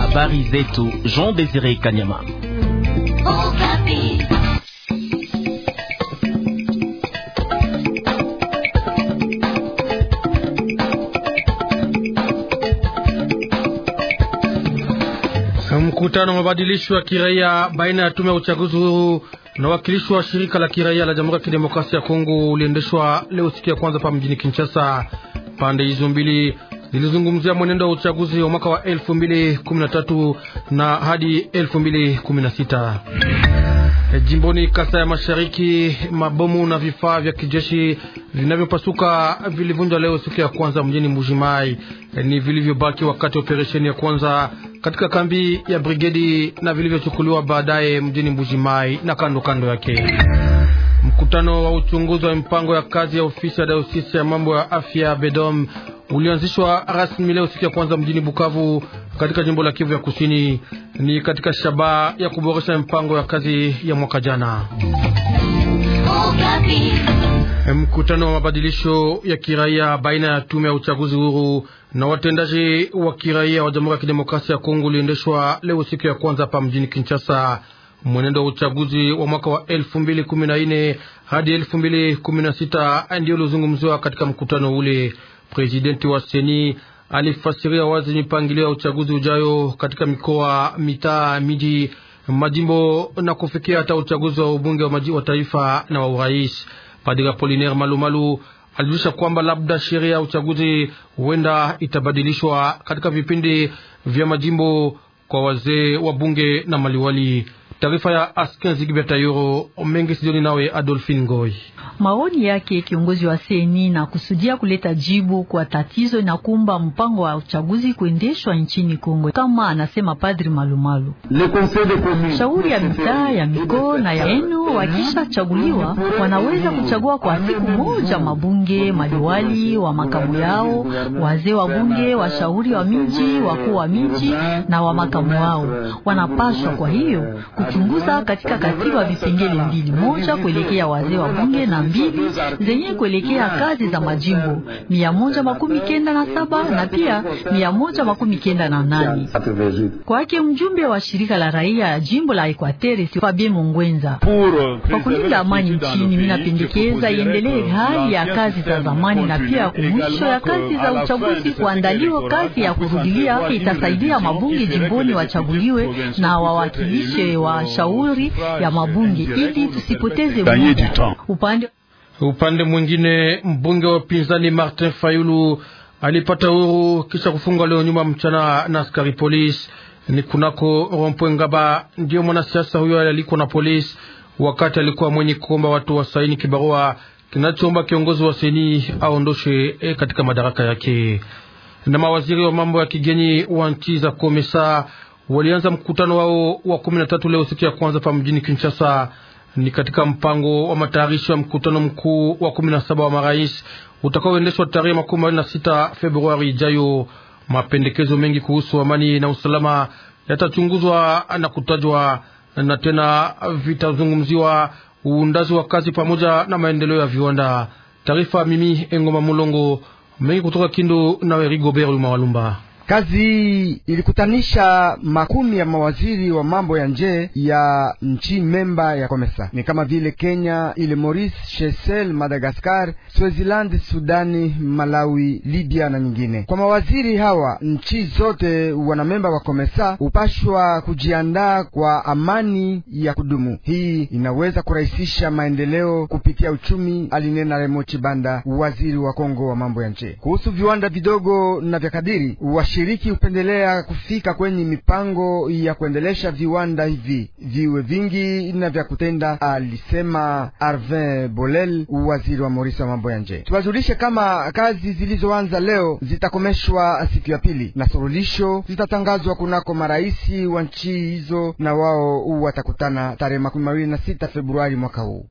Habari zetu Jean Désiré Kanyama. Mkutano wa mabadilisho ya kiraia baina ya tume ya uchaguzi huru na wakilishi wa shirika la kiraia la Jamhuri ya Kidemokrasia ya Kongo uliendeshwa leo siku ya kwanza pa mjini Kinshasa. Pande hizo mbili lilizungumzia mwenendo wa uchaguzi wa mwaka wa 2013 na hadi 2016. E, jimboni Kasa ya Mashariki, mabomu na vifaa vya kijeshi vinavyopasuka vilivunjwa leo siku ya kwanza mjini mbuji e, ni vilivyobaki wakati operesheni ya kwanza katika kambi ya brigedi na vilivyochukuliwa baadaye mjini mbuji na kando kando yake. Mkutano wa uchunguzi wa mpango ya kazi ya ofisi ya dayosisi ya mambo ya afya Bedom ulianzishwa rasmi leo siku ya kwanza mjini Bukavu katika jimbo la Kivu ya Kusini. Ni katika shabaha ya kuboresha mpango ya kazi ya mwaka jana. Mkutano wa mabadilisho ya kiraia baina ya tume ya uchaguzi huru na watendaji wa kiraia wa Jamhuri ya Kidemokrasia ya Kongo uliendeshwa leo siku ya kwanza hapa mjini Kinshasa. Mwenendo wa uchaguzi wa mwaka wa 2014 hadi 2016 ndio uliozungumziwa katika mkutano ule presidenti wa seni alifasiria wazi mipangilio ya uchaguzi ujayo katika mikoa, mitaa, miji, majimbo na kufikia hata uchaguzi wa ubunge wa taifa na wa urais. Padri Apolinaire Malumalu alijulisha kwamba labda sheria ya uchaguzi huenda itabadilishwa katika vipindi vya majimbo kwa wazee wa bunge na maliwali. Taarifa ya Askenzi Giberta Yoro mengi sijoni nawe Adolfin Ngoi. Maoni yake kiongozi wa CENI na kusudia kuleta jibu kwa tatizo kumba mpango wa uchaguzi kuendeshwa nchini Kongo, kama anasema Padri Malumalu. Shauri ya mitaa ya mikoo na ya eno wakishachaguliwa wanaweza kuchagua kwa siku moja mabunge, madiwali wa makamu yao, wazee wa bunge, washauri wa miji, wakuu wa miji na wa makamu wao wanapashwa kwa hiyo kuchunguza katika katiba vipengele mbili, moja kuelekea wazee wa bunge na mbili zenye kuelekea kazi za majimbo mia moja makumi kenda na saba na pia mia moja makumi kenda na nane kwake mjumbe wa shirika la raia ya jimbo la Ekwatere Fabien Mongwenza. Kwa kulinda amani nchini, minapendekeza iendelee hali ya kazi za zamani na pia kumwisho ya kazi za uchaguzi kuandaliwa kazi ya kurudilia itasaidia mabunge jimboni wachaguliwe na wawakilishe wa mashauri ya mabunge ili tusipoteze muda. Upande upande mwingine, mbunge wa upinzani Martin Fayulu alipata uhuru kisha kufungwa leo nyuma mchana na askari polisi ni kunako Rompwe Ngaba. Ndiyo mwanasiasa huyo alikuwa na polisi wakati alikuwa mwenye kuomba watu wasaini kibarua kinachoomba kiongozi wa seni aondoshe e katika madaraka yake. Na mawaziri wa mambo ya kigeni wa nchi za Komesa walianza mkutano wao wa kumi na tatu leo siku ya kwanza pa mjini Kinshasa. Ni katika mpango wa matayarisho ya mkutano mkuu wa kumi na saba wa marais utakaoendeshwa tarehe makumi mawili na sita Februari ijayo. Mapendekezo mengi kuhusu amani na usalama yatachunguzwa na kutajwa, na tena vitazungumziwa uundazi wa kazi pamoja na maendeleo ya viwanda. Taarifa mimi Engoma Mulongo mengi kutoka Kindu, na Rigobert Lumawalumba. Kazi ilikutanisha makumi ya mawaziri wa mambo ya nje ya nchi memba ya Komesa ni kama vile Kenya, ile Maurice, Seychelles, Madagascar, Swaziland, Sudani, Malawi, Libya na nyingine. Kwa mawaziri hawa nchi zote wanamemba wa Komesa upashwa kujiandaa kwa amani ya kudumu. Hii inaweza kurahisisha maendeleo kupitia uchumi, alinena Remo Chibanda, waziri wa Kongo wa mambo ya nje, kuhusu viwanda vidogo na vya kadiri wa washiriki hupendelea kufika kwenye mipango ya kuendelesha viwanda hivi viwe vingi na vya kutenda, alisema Arvin Bolel, waziri wa Morisa mambo ya nje. Tuwajulishe kama kazi zilizoanza leo zitakomeshwa siku ya pili na suluhisho zitatangazwa kunako maraisi wa nchi hizo, na wao watakutana tarehe makumi mawili na sita Februari mwaka huu.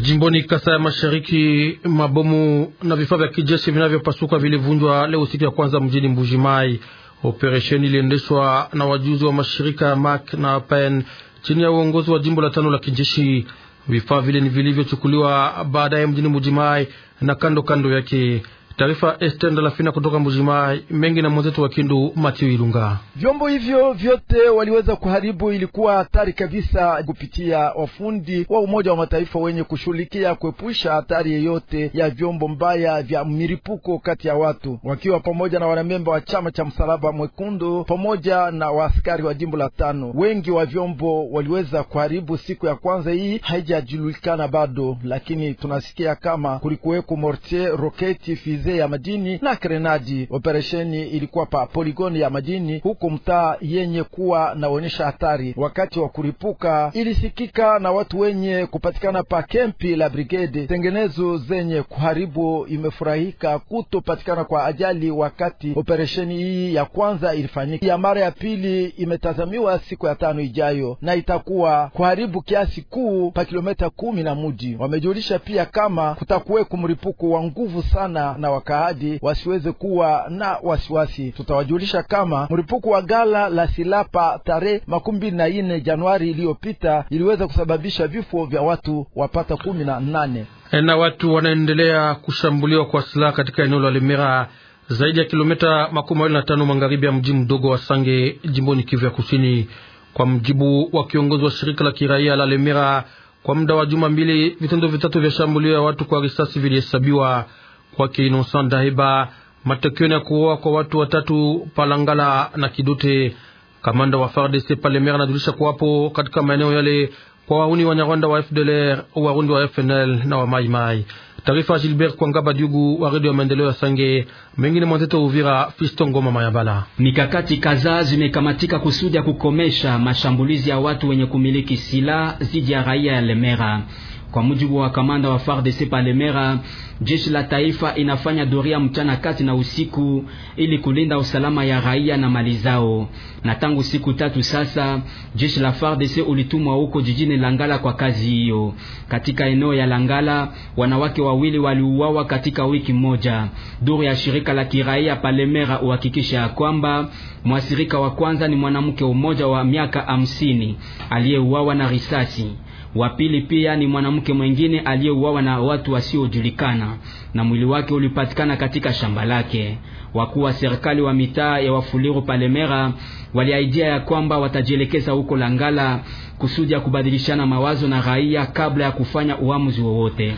Jimboni Kasa ya Mashariki, mabomu na vifaa vya kijeshi vinavyopasuka vilivunjwa leo siku ya kwanza mjini Mbujimai. Operesheni iliendeshwa na wajuzi wa mashirika ya MAC na pen chini ya uongozi wa jimbo la tano la kijeshi. Vifaa vile ni vilivyochukuliwa baadaye mjini Mbujimai na kando kando yake. Taarifa Esther Ndalafina kutoka Mbujimai mengi na mwenzetu wa Kindu Matiu Ilunga. Vyombo hivyo vyote waliweza kuharibu, ilikuwa hatari kabisa, kupitia wafundi wa Umoja wa Mataifa wenye kushughulikia kuepusha hatari yeyote ya vyombo mbaya vya miripuko kati ya watu, wakiwa pamoja na wanamemba wa chama cha Msalaba Mwekundu pamoja na waaskari wa jimbo la tano. Wengi wa vyombo waliweza kuharibu siku ya kwanza, hii haijajulikana bado, lakini tunasikia kama kulikuweko mortier, roketi, fizi Elize ya madini na krenadi Operesheni ilikuwa pa poligoni ya madini huko mtaa yenye kuwa naonyesha hatari. Wakati wa kuripuka ilisikika na watu wenye kupatikana pa kempi la brigade. Tengenezo zenye kuharibu imefurahika kutopatikana kwa ajali wakati operesheni hii ya kwanza ilifanyika. Ya mara ya pili imetazamiwa siku ya tano ijayo, na itakuwa kuharibu kiasi kuu pa kilometa kumi na muji. Wamejulisha pia kama kutakuwe kumripuku wa nguvu sana na wakaaji wasiweze kuwa na wasiwasi. Tutawajulisha kama mlipuko wa gala la Silapa tarehe makumi mbili na nne Januari iliyopita iliweza kusababisha vifo vya watu wapata kumi na nane e, na watu wanaendelea kushambuliwa kwa silaha katika eneo la Lemera zaidi ya kilomita makumi mawili na tano magharibi ya mji mdogo wa Sange jimboni Kivu ya Kusini, kwa mjibu wa kiongozi wa shirika la kiraia la Lemera. Kwa muda wa juma mbili, vitendo vitatu vya shambulio ya watu kwa risasi vilihesabiwa kwake Innocent Daiba matokeo ya kuoa kwa watu watatu Palangala na Kidute. Kamanda wa FARDC Palemera anajulisha kuwapo katika maeneo yale kwa wauni Wanyarwanda wa FDLR, Warundi wa FNL na wa Maimai. Taarifa ya Gilbert Kwangaba Jugu wa redio ya maendeleo ya Sange mengine mwanzeto Uvira Fisto Ngoma Mayabala. Mikakati kadhaa zimekamatika kusudi ya kukomesha mashambulizi ya watu wenye kumiliki silaha dhidi ya raia ya Lemera. Kwa mujibu wa kamanda wa FARDC Palemera, jeshi la taifa inafanya doria mchana kati na usiku ili kulinda usalama ya raia na mali zao. Na tangu siku tatu sasa, jeshi la FARDC ulitumwa huko jijini Langala kwa kazi hiyo. Katika eneo ya Langala, wanawake wawili waliuawa katika wiki moja. Duru ya shirika la kiraia Palemera uhakikisha kwamba mwasirika wa kwanza ni mwanamke mmoja wa miaka hamsini aliyeuawa na risasi. Wa pili pia ni mwanamke mwengine aliyeuawa na watu wasiojulikana na mwili wake ulipatikana katika shamba lake. Wakuu wa serikali wa mitaa ya Wafuliru Palemera waliaidia ya kwamba watajielekeza huko Langala kusudi ya kubadilishana mawazo na raia kabla ya kufanya uamuzi wowote.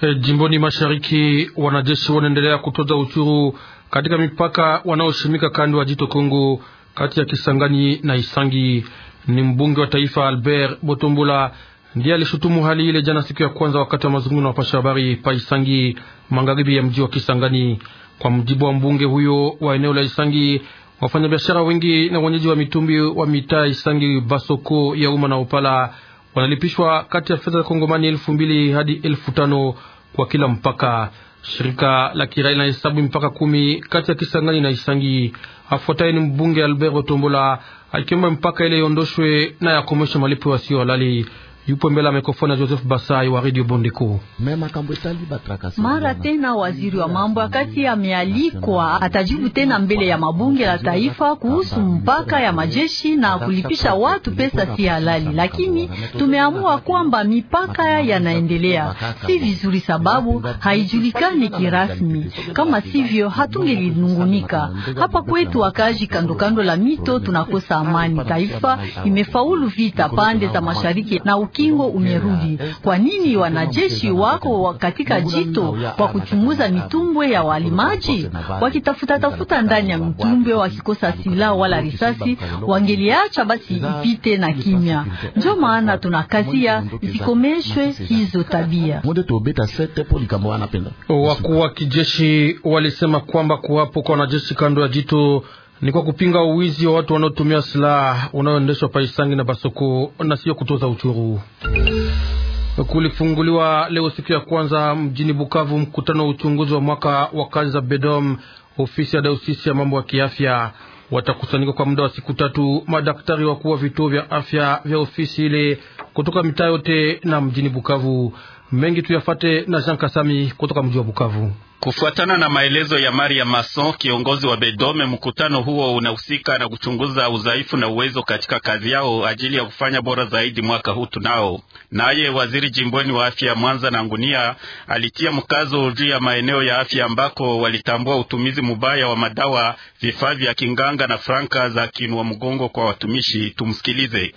E, jimboni mashariki wanajeshi wanaendelea kutoza ushuru katika mipaka wanaoshimika kando wa jito Kongo kati ya Kisangani na Isangi. Ni mbunge wa taifa Albert Botombula ndiye alishutumu hali ile jana siku ya kwanza wakati wa mazungumzo na wapasha habari Paisangi, Isangi, magharibi ya mji wa Kisangani. Kwa mjibu wa mbunge huyo wa eneo la Isangi, wafanyabiashara wengi na wenyeji wa mitumbi wa mitaa Isangi, Basoko ya umma na Upala wanalipishwa kati ya fedha za Kongomani elfu mbili hadi elfu tano kwa kila mpaka. Shirika la kiraia hesabu mpaka kumi kati ya Kisangani na Isangi. Afuataye ni mbunge Albert Tombola akiomba mpaka ile iondoshwe na yakomeshe malipo yasiyo halali yupo mbele ya mikrofoni ya Joseph Basai wa Radio Bondeko. Mara tena waziri wa mambo ya kati amealikwa, atajibu tena mbele ya mabunge la taifa kuhusu mpaka ya majeshi na kulipisha watu pesa si halali, lakini tumeamua kwamba mipaka yanaendelea si vizuri, sababu haijulikani kirasmi. Kama sivyo, hatungelinungunika hapa kwetu. Wakaji kandokando la mito tunakosa amani. Taifa imefaulu vita pande za mashariki na ukingo umerudi. Kwa nini wanajeshi wako katika jito kwa kuchunguza mitumbwe ya walimaji? Wakitafuta tafuta ndani ya mtumbwe, wakikosa silaha wala risasi, wangeliacha basi ipite na kimya. Ndio maana tunakazia isikomeshwe hizo tabia. Wakuu wa kijeshi walisema kwamba kuwapo kwa wanajeshi kando ya jito ni kwa kupinga uwizi wa watu wanaotumia silaha unaoendeshwa paisangi na Basoko na sio kutoza uchuru. Kulifunguliwa leo siku ya kwanza mjini Bukavu mkutano wa uchunguzi wa mwaka wa kazi za Bedom, ofisi ya dausisi ya mambo ya kiafya. Watakusanyika kwa muda wa siku tatu madaktari wakuu wa vituo vya afya vya ofisi ile kutoka mitaa yote na mjini Bukavu. Mengi tuyafate na Jean Kasami kutoka mji wa Bukavu. Kufuatana na maelezo ya Maria Masson, kiongozi wa Bedome, mkutano huo unahusika na kuchunguza udhaifu na uwezo katika kazi yao ajili ya kufanya bora zaidi mwaka huu tunao. Naye waziri jimboni wa afya Mwanza na Ngunia alitia mkazo juu ya maeneo ya afya ambako walitambua utumizi mubaya wa madawa, vifaa vya kinganga na franka za kinua mgongo kwa watumishi. Tumsikilize.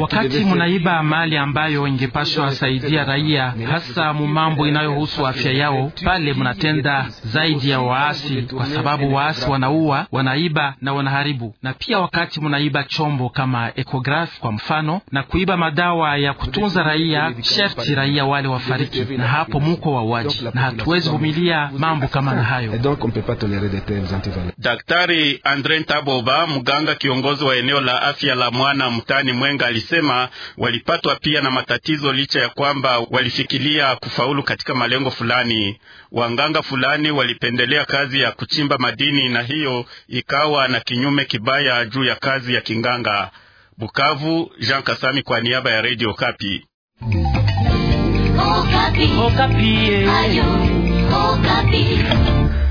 Wakati mnaiba mali ambayo ingepaswa saidia raia, hasa mumambo inayohusu afya yao pale mnatenda zaidi ya waasi, kwa sababu waasi wanaua, wanaiba na wanaharibu. Na pia wakati mnaiba chombo kama ekografi kwa mfano, na kuiba madawa ya kutunza raia, sherti raia wale wafariki, na hapo muko wauaji, na hatuwezi vumilia mambo kama na hayo. Daktari Andre Ntaboba, mganga kiongozi wa eneo la afya la Mwana mtani Mwenga, alisema walipatwa pia na matatizo licha ya kwamba walifikilia kufaulu katika malengo fulani madini. Wanganga fulani walipendelea kazi ya kuchimba madini, na hiyo ikawa na kinyume kibaya juu ya kazi ya kinganga. Bukavu, Jean Kasami kwa niaba ya Radio Kapi. Okapi. Okapi. Ayu, Okapi. Eh.